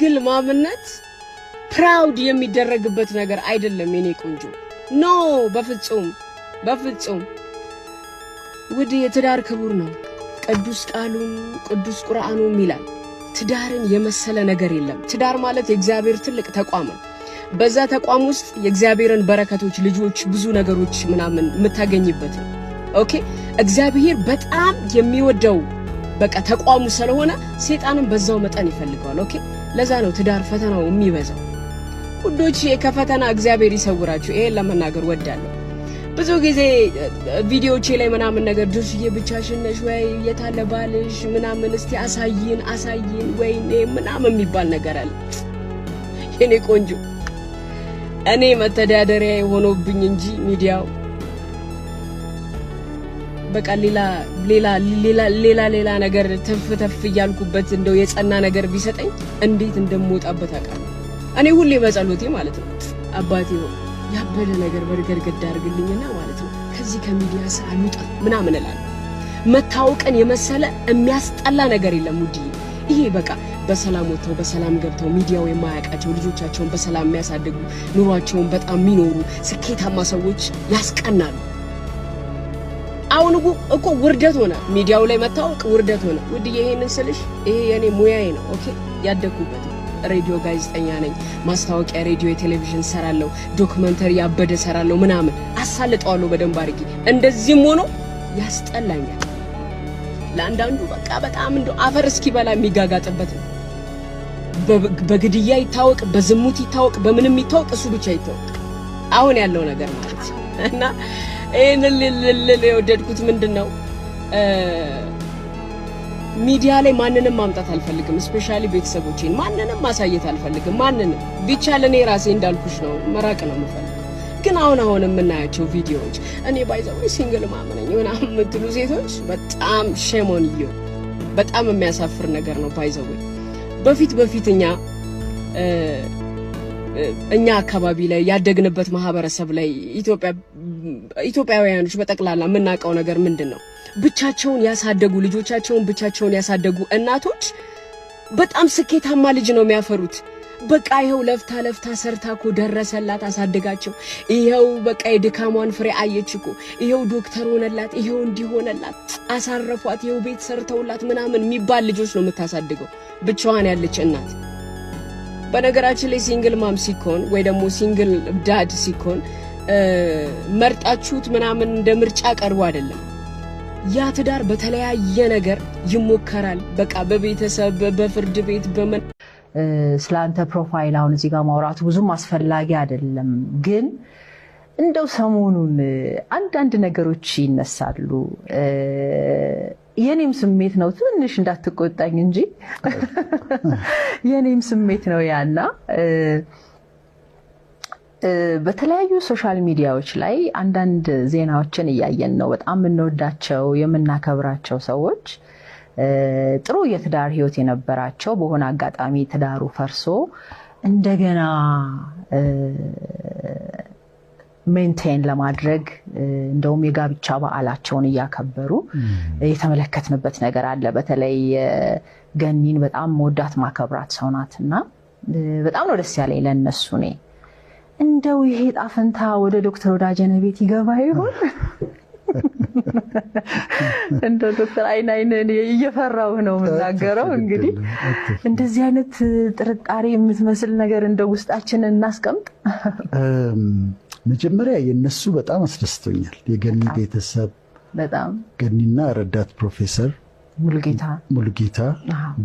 ድንግል ማምነት ፕራውድ የሚደረግበት ነገር አይደለም። የኔ ቆንጆ ኖ፣ በፍጹም በፍጹም። ውድ የትዳር ክቡር ነው። ቅዱስ ቃሉም ቅዱስ ቁርአኑም ይላል ትዳርን የመሰለ ነገር የለም። ትዳር ማለት የእግዚአብሔር ትልቅ ተቋም ነው። በዛ ተቋም ውስጥ የእግዚአብሔርን በረከቶች፣ ልጆች፣ ብዙ ነገሮች ምናምን የምታገኝበት ነው። ኦኬ እግዚአብሔር በጣም የሚወደው በቃ ተቋሙ ስለሆነ ሴጣንም በዛው መጠን ይፈልገዋል። ኦኬ ለዛ ነው ትዳር ፈተናው የሚበዛው። ውዶች ከፈተና እግዚአብሔር ይሰውራችሁ። ይሄን ለመናገር ወዳለሁ። ብዙ ጊዜ ቪዲዮቼ ላይ ምናምን ነገር ድርሽዬ ብቻሽን ነሽ ወይ የታለ ባልሽ ምናምን እስቲ አሳይን አሳይን ወይ ምናምን የሚባል ነገር አለ። የኔ ቆንጆ እኔ መተዳደሪያ የሆነብኝ እንጂ ሚዲያው በቃ ሌላ ሌላ ሌላ ሌላ ሌላ ነገር ተፍ ተፍ እያልኩበት እንደው የጸና ነገር ቢሰጠኝ እንዴት እንደምወጣበት አውቃለሁ። እኔ ሁሌ በጸሎቴ ማለት ነው አባቴ ያበደ ነገር በርገርገድ አድርግልኝና ማለት ነው ከዚህ ከሚዲያ ስራ ልውጣ ምናምን እላለሁ። መታወቅን የመሰለ የሚያስጠላ ነገር የለም ውድዬ። ይሄ በቃ በሰላም ወጥተው በሰላም ገብተው ሚዲያው የማያውቃቸው ልጆቻቸውን በሰላም የሚያሳድጉ ኑሯቸውን በጣም የሚኖሩ ስኬታማ ሰዎች ያስቀናሉ። አሁን እኮ ውርደት ሆነ፣ ሚዲያው ላይ መታወቅ ውርደት ሆነ። ውድዬ ይሄንን ስልሽ ይሄ የኔ ሙያዬ ነው። ኦኬ ያደግኩበት ሬዲዮ ጋዜጠኛ ነኝ። ማስታወቂያ፣ ሬዲዮ፣ የቴሌቪዥን ሰራለሁ፣ ዶክመንተሪ ያበደ ሰራለሁ ምናምን አሳልጠዋለሁ በደንብ አድርጌ። እንደዚህም ሆኖ ያስጠላኛል። ለአንዳንዱ በቃ በጣም እንደ አፈር እስኪበላ የሚጋጋጥበት ነው። በግድያ ይታወቅ፣ በዝሙት ይታወቅ፣ በምንም ይታወቅ፣ እሱ ብቻ ይታወቅ። አሁን ያለው ነገር ማለት እና ይህን ልልል የወደድኩት ምንድን ነው፣ ሚዲያ ላይ ማንንም ማምጣት አልፈልግም። እስፔሻሊ ቤተሰቦቼን ማንንም ማሳየት አልፈልግም። ማንንም ቢቻል እኔ ራሴ እንዳልኩሽ ነው መራቅ ነው የምፈልግ። ግን አሁን አሁን የምናያቸው ቪዲዮዎች እኔ ባይዘው ሲንግል ማመነኝ ሆነ የምትሉ ሴቶች በጣም ሸሞንዮ በጣም የሚያሳፍር ነገር ነው። ባይዘው በፊት በፊት እኛ እኛ አካባቢ ላይ ያደግንበት ማህበረሰብ ላይ ኢትዮጵያውያኖች በጠቅላላ የምናውቀው ነገር ምንድን ነው? ብቻቸውን ያሳደጉ ልጆቻቸውን ብቻቸውን ያሳደጉ እናቶች በጣም ስኬታማ ልጅ ነው የሚያፈሩት። በቃ ይኸው ለፍታ ለፍታ ሰርታ እኮ ደረሰላት፣ አሳደጋቸው። ይኸው በቃ የድካሟን ፍሬ አየች እኮ ይኸው ዶክተር ሆነላት፣ ይኸው እንዲሆነላት አሳረፏት፣ ይኸው ቤት ሰርተውላት ምናምን የሚባል ልጆች ነው የምታሳድገው ብቻዋን ያለች እናት በነገራችን ላይ ሲንግል ማም ሲኮን ወይ ደግሞ ሲንግል ዳድ ሲኮን መርጣችሁት ምናምን እንደ ምርጫ ቀርቦ አይደለም። ያ ትዳር በተለያየ ነገር ይሞከራል። በቃ በቤተሰብ በፍርድ ቤት በመን ስለ አንተ ፕሮፋይል አሁን እዚህ ጋር ማውራቱ ብዙም አስፈላጊ አይደለም፣ ግን እንደው ሰሞኑን አንዳንድ ነገሮች ይነሳሉ። የኔም ስሜት ነው ትንሽ እንዳትቆጣኝ እንጂ የኔም ስሜት ነው ያና በተለያዩ ሶሻል ሚዲያዎች ላይ አንዳንድ ዜናዎችን እያየን ነው። በጣም የምንወዳቸው የምናከብራቸው ሰዎች ጥሩ የትዳር ህይወት የነበራቸው በሆነ አጋጣሚ ትዳሩ ፈርሶ እንደገና ሜንቴን ለማድረግ እንደውም የጋብቻ በዓላቸውን እያከበሩ የተመለከትንበት ነገር አለ። በተለይ ገኒን በጣም መወዳት ማከብራት ሰው ናት እና በጣም ነው ደስ ያለኝ ለእነሱ እኔ እንደው ይሄ ጣፍንታ ወደ ዶክተር ወዳጀነ ቤት ይገባ ይሆን? እንደ ዶክተር አይን አይን እየፈራው ነው የምናገረው። እንግዲህ እንደዚህ አይነት ጥርጣሬ የምትመስል ነገር እንደ ውስጣችንን እናስቀምጥ መጀመሪያ የነሱ በጣም አስደስቶኛል። የገኒ ቤተሰብ በጣም ገኒና ረዳት ፕሮፌሰር ሙሉጌታ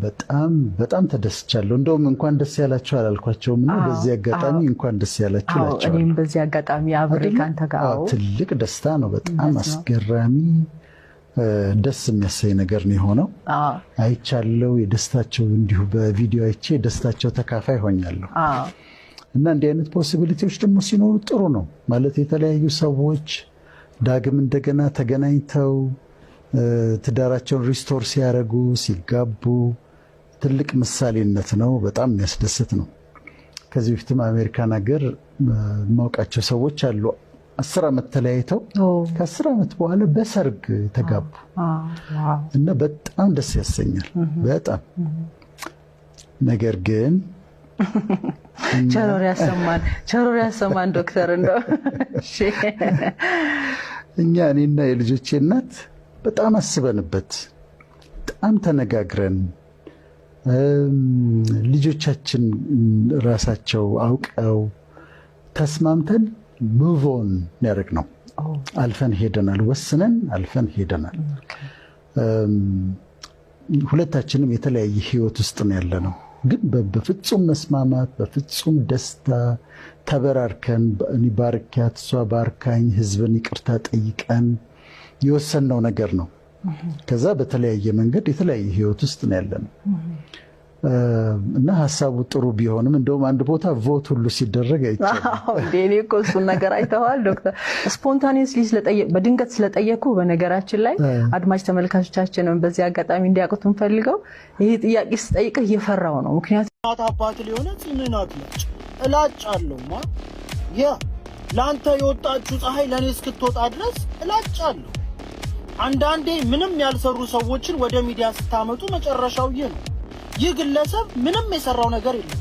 በጣም በጣም ተደስቻለሁ። እንደውም እንኳን ደስ ያላችሁ አላልኳቸውም እና በዚህ አጋጣሚ እንኳን ደስ ያላችሁ እላቸዋለሁ። እኔም በዚህ አጋጣሚ አብሬ ካንተ ጋር ትልቅ ደስታ ነው። በጣም አስገራሚ ደስ የሚያሳይ ነገር ነው የሆነው። አይቻለው የደስታቸው እንዲሁ በቪዲዮ አይቼ ደስታቸው ተካፋይ ሆኛለሁ። እና እንዲህ አይነት ፖሲቢሊቲዎች ደግሞ ሲኖሩ ጥሩ ነው ማለት የተለያዩ ሰዎች ዳግም እንደገና ተገናኝተው ትዳራቸውን ሪስቶር ሲያደርጉ ሲጋቡ ትልቅ ምሳሌነት ነው። በጣም የሚያስደስት ነው። ከዚህ በፊትም አሜሪካን ሀገር የማውቃቸው ሰዎች አሉ። አስር ዓመት ተለያይተው ከአስር ዓመት በኋላ በሰርግ ተጋቡ እና በጣም ደስ ያሰኛል። በጣም ነገር ግን ቸሮር ያሰማን ቸሮር ያሰማን ዶክተር እንደው እኛ እኔና የልጆቼ እናት በጣም አስበንበት በጣም ተነጋግረን ልጆቻችን ራሳቸው አውቀው ተስማምተን ምቮን ያደርግ ነው። አልፈን ሄደናል። ወስነን አልፈን ሄደናል። ሁለታችንም የተለያየ ህይወት ውስጥ ነው ያለ ነው። ግን በፍጹም መስማማት በፍጹም ደስታ ተበራርከን እኔ ባርኪያት እሷ ባርካኝ ህዝብን ይቅርታ ጠይቀን የወሰንነው ነገር ነው። ከዛ በተለያየ መንገድ የተለያየ ህይወት ውስጥ ነው ያለ ነው። እና ሀሳቡ ጥሩ ቢሆንም እንደውም አንድ ቦታ ቮት ሁሉ ሲደረግ አይቻልም። እኮ እሱን ነገር አይተዋል ዶክተር። ስፖንታኔስሊ በድንገት ስለጠየኩ በነገራችን ላይ አድማጭ ተመልካቾቻችንን በዚህ አጋጣሚ እንዲያውቁት እንፈልገው ይህ ጥያቄ ስጠይቅህ እየፈራው ነው። ምክንያቱም እናት አባት ሊሆነ ጽምን አትላጭ እላጭ አለውማ ያ ለአንተ የወጣችሁ ፀሐይ ለእኔ እስክትወጣ ድረስ እላጭ አለው። አንዳንዴ ምንም ያልሰሩ ሰዎችን ወደ ሚዲያ ስታመጡ መጨረሻው ይህ ነው። ይህ ግለሰብ ምንም የሰራው ነገር የለም።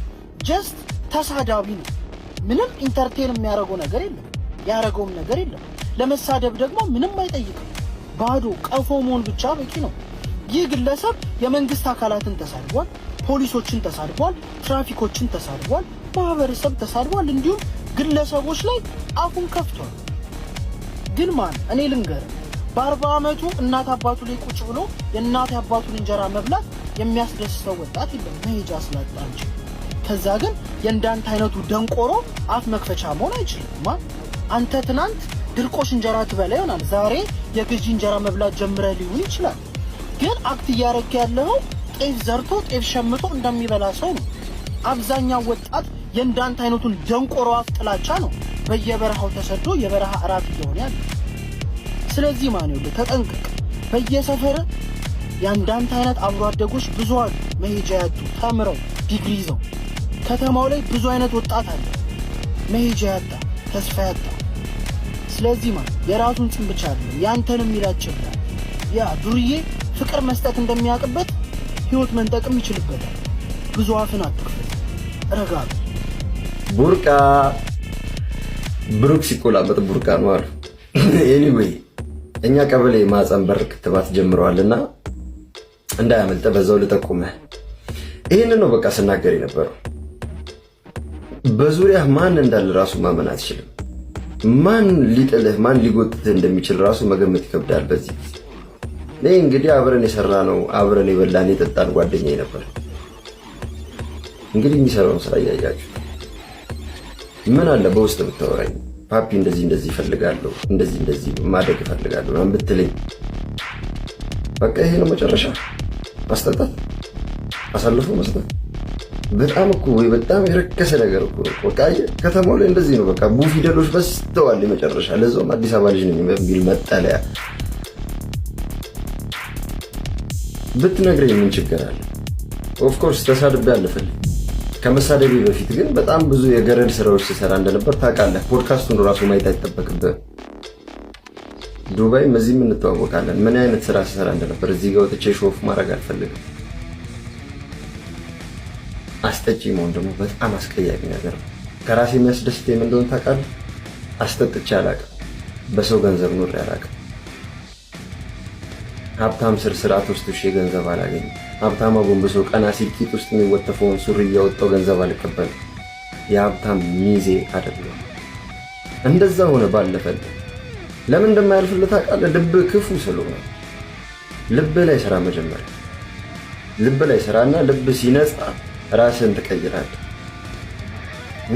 ጀስት ተሳዳቢ ነው። ምንም ኢንተርቴን የሚያደርገው ነገር የለም። ያደረገውም ነገር የለም። ለመሳደብ ደግሞ ምንም አይጠይቅም። ባዶ ቀፎ መሆን ብቻ በቂ ነው። ይህ ግለሰብ የመንግስት አካላትን ተሳድቧል፣ ፖሊሶችን ተሳድቧል፣ ትራፊኮችን ተሳድቧል፣ ማህበረሰብ ተሳድቧል፣ እንዲሁም ግለሰቦች ላይ አፉን ከፍቷል። ግን ማን እኔ ልንገር፣ በአርባ ዓመቱ እናት አባቱ ላይ ቁጭ ብሎ የእናት አባቱን እንጀራ መብላት የሚያስደስተው ወጣት የለም መሄጃ ስላጣ እንጂ። ከዛ ግን የእንዳንተ አይነቱ ደንቆሮ አፍ መክፈቻ መሆን አይችልም። አንተ ትናንት ድርቆሽ እንጀራ ትበላ ይሆናል፣ ዛሬ የግዢ እንጀራ መብላት ጀምረ ሊሆን ይችላል። ግን አክት እያረግ ያለው ጤፍ ዘርቶ ጤፍ ሸምቶ እንደሚበላ ሰው ነው። አብዛኛው ወጣት የእንዳንተ አይነቱን ደንቆሮ አፍ ጥላቻ ነው በየበረሃው ተሰዶ የበረሃ እራት እየሆነ ያለ። ስለዚህ ማን ተጠንቀቅ በየሰፈር የአንዳንድ አይነት አብሮ አደጎች ብዙ አሉ፣ መሄጃ ያጡ ተምረው ዲግሪ ይዘው። ከተማው ላይ ብዙ አይነት ወጣት አለ፣ መሄጃ ያጣ ተስፋ ያጣ። ስለዚህ ማ የራሱን ጽም ብቻ አለ ያንተንም የሚላቸው ያ ዱርዬ ፍቅር መስጠት እንደሚያውቅበት ህይወት መንጠቅም ይችልበታል። ብዙ አፍን አትክፈል፣ ረጋ ቡርቃ ብሩክ ሲቆላበት ቡርቃ ነው አሉ። ኤኒዌይ እኛ ቀበሌ ማህፀን በር ክትባት ጀምረዋልና እንዳያመልጠ በዛው ልጠቁምህ። ይህንን ነው በቃ ስናገር የነበረው። በዙሪያህ ማን እንዳለ ራሱ ማመን አትችልም። ማን ሊጥልህ ማን ሊጎትትህ እንደሚችል ራሱ መገመት ይከብዳል። በዚህ ጊዜ ይህ እንግዲህ አብረን የሰራ ነው አብረን የበላን የጠጣን ጓደኛ ነበር። እንግዲህ የሚሰራውን ስራ እያያችሁ ምን አለ በውስጥ ብታወራኝ ፓፒ እንደዚህ እንደዚህ ይፈልጋለሁ እንደዚህ እንደዚህ ማደግ ይፈልጋለሁ ብትለኝ፣ በቃ ይሄ ነው መጨረሻ። ማስጠጣት፣ አሳልፎ መስጠት በጣም እኮ ወይ በጣም የረከሰ ነገር እኮ በቃ ከተማው ላይ እንደዚህ ነው። በቃ ቡ ፊደሎች በስተዋል የመጨረሻ ለዛውም አዲስ አበባ ልጅ ነኝ የሚል መጠለያ ብትነግረኝ ምን ችግር አለ? ኦፍኮርስ ተሳድቤ አልፈል። ከመሳደቤ በፊት ግን በጣም ብዙ የገረድ ስራዎች ስሰራ እንደነበር ታውቃለህ። ፖድካስቱን ራሱ ማየት አይጠበቅብህ። ዱባይም እዚህም እንተዋወቃለን። ምን አይነት ስራ ሲሰራ እንደነበር እዚህ ጋር ወጥቼ ሾፍ ማድረግ አልፈልግም። አስጠጪ መሆን ደግሞ በጣም አስቀያሚ ነገር ነው። ከራሴ የሚያስደስት የምን እንደሆነ ታውቃለህ? አስጠጥቼ አላውቅም። በሰው ገንዘብ ኑር አላውቅም። ሀብታም ስር ስርዓት ውስጥ እሺ ገንዘብ አላገኝም። ሀብታም አጎንብሶ ቀና ሲል ውስጥ የሚወተፈውን ሱሪ እያወጣው ገንዘብ አልቀበልም። የሀብታም ሚዜ አይደለም። እንደዛ ሆነ ባለፈል ለምን እንደማያልፍልህ ታውቃለህ? ልብ ክፉ ስለሆነ ልብ ላይ ስራ። መጀመር። ልብ ላይ ስራና ልብ ሲነጻ ራስን ትቀይራለህ።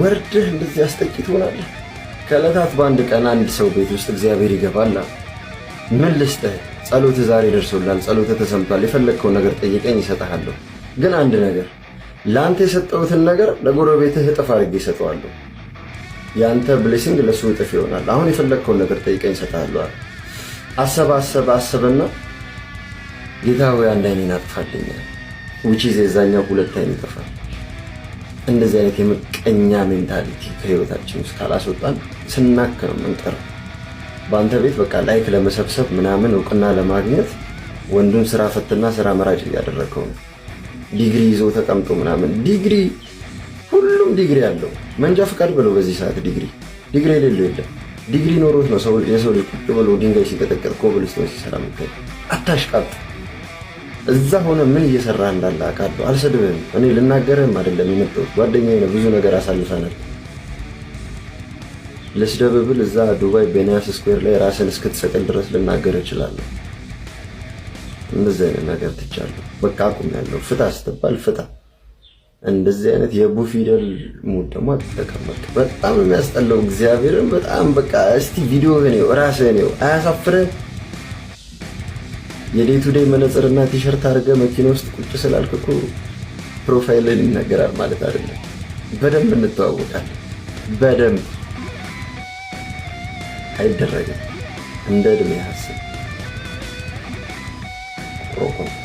ወርድህ እንደዚህ አስጠቂ ትሆናለህ። ከለታት በአንድ ቀን አንድ ሰው ቤት ውስጥ እግዚአብሔር ይገባል። ምን ልስጥህ? ጸሎትህ ዛሬ ደርሶላል፣ ጸሎትህ ተሰምቷል፣ የፈለግከውን ነገር ጠይቀኝ ይሰጠሃለሁ። ግን አንድ ነገር ለአንተ የሰጠሁትን ነገር ለጎረቤትህ እጥፍ አድርጌ ይሰጠዋለሁ። የአንተ ብሌሲንግ ለሱ እጥፍ ይሆናል። አሁን የፈለግከውን ነገር ጠይቀኝ እሰጥሃለሁ። አሰበ አሰበ አሰበና ጌታ ወይ አንድ አይኔን አጥፋልኛል። ውጪ የዛኛው ሁለት አይን ይጠፋል። እንደዚህ አይነት የምቀኛ ሜንታሊቲ ከህይወታችን ውስጥ ካላስወጣን ስናክ ነው የምንቀረው። በአንተ ቤት በቃ ላይክ ለመሰብሰብ ምናምን እውቅና ለማግኘት ወንዱን ስራ ፈትና ስራ መራጭ እያደረገው ነው። ዲግሪ ይዞ ተቀምጦ ምናምን ዲግሪ ሁሉም ዲግሪ አለው። መንጃ ፈቃድ ብለው በዚህ ሰዓት ዲግሪ ዲግሪ የሌለው የለም። ዲግሪ ኖሮት ነው የሰው ልጅ ቁጭ ብሎ ድንጋይ ሲቀጠቀጥ ኮብልስቶን ሲሰራ ምታይ አታሽቃጥ። እዛ ሆነ ምን እየሰራ እንዳለ አውቃለሁ። አልሰድብህም። እኔ ልናገርህም አይደለም የመጣሁት። ጓደኛዬ ነው፣ ብዙ ነገር አሳልፈናል። ልስደብብል እዛ ዱባይ ቤንያስ ስኩዌር ላይ ራስን እስክትሰቅል ድረስ ልናገር እችላለሁ። እንደዚህ አይነት ነገር ትቻለሁ። በቃ አቁም ያለው ፍታ ስትባል ፍታ እንደዚህ አይነት የቡ ፊደል ሙድ ደግሞ አትጠቀም። በጣም የሚያስጠላው። እግዚአብሔርን በጣም በቃ እስቲ ቪዲዮ ነው ራስ ነው አያሳፍረ የዴይ ቱ ዴይ መነጽርና ቲሸርት አድርገ መኪና ውስጥ ቁጭ ስላልክ እኮ ፕሮፋይልን ይነገራል ማለት አይደለም። በደንብ እንተዋወቃለን። በደንብ አይደረግም። እንደ እድሜ ሀስብ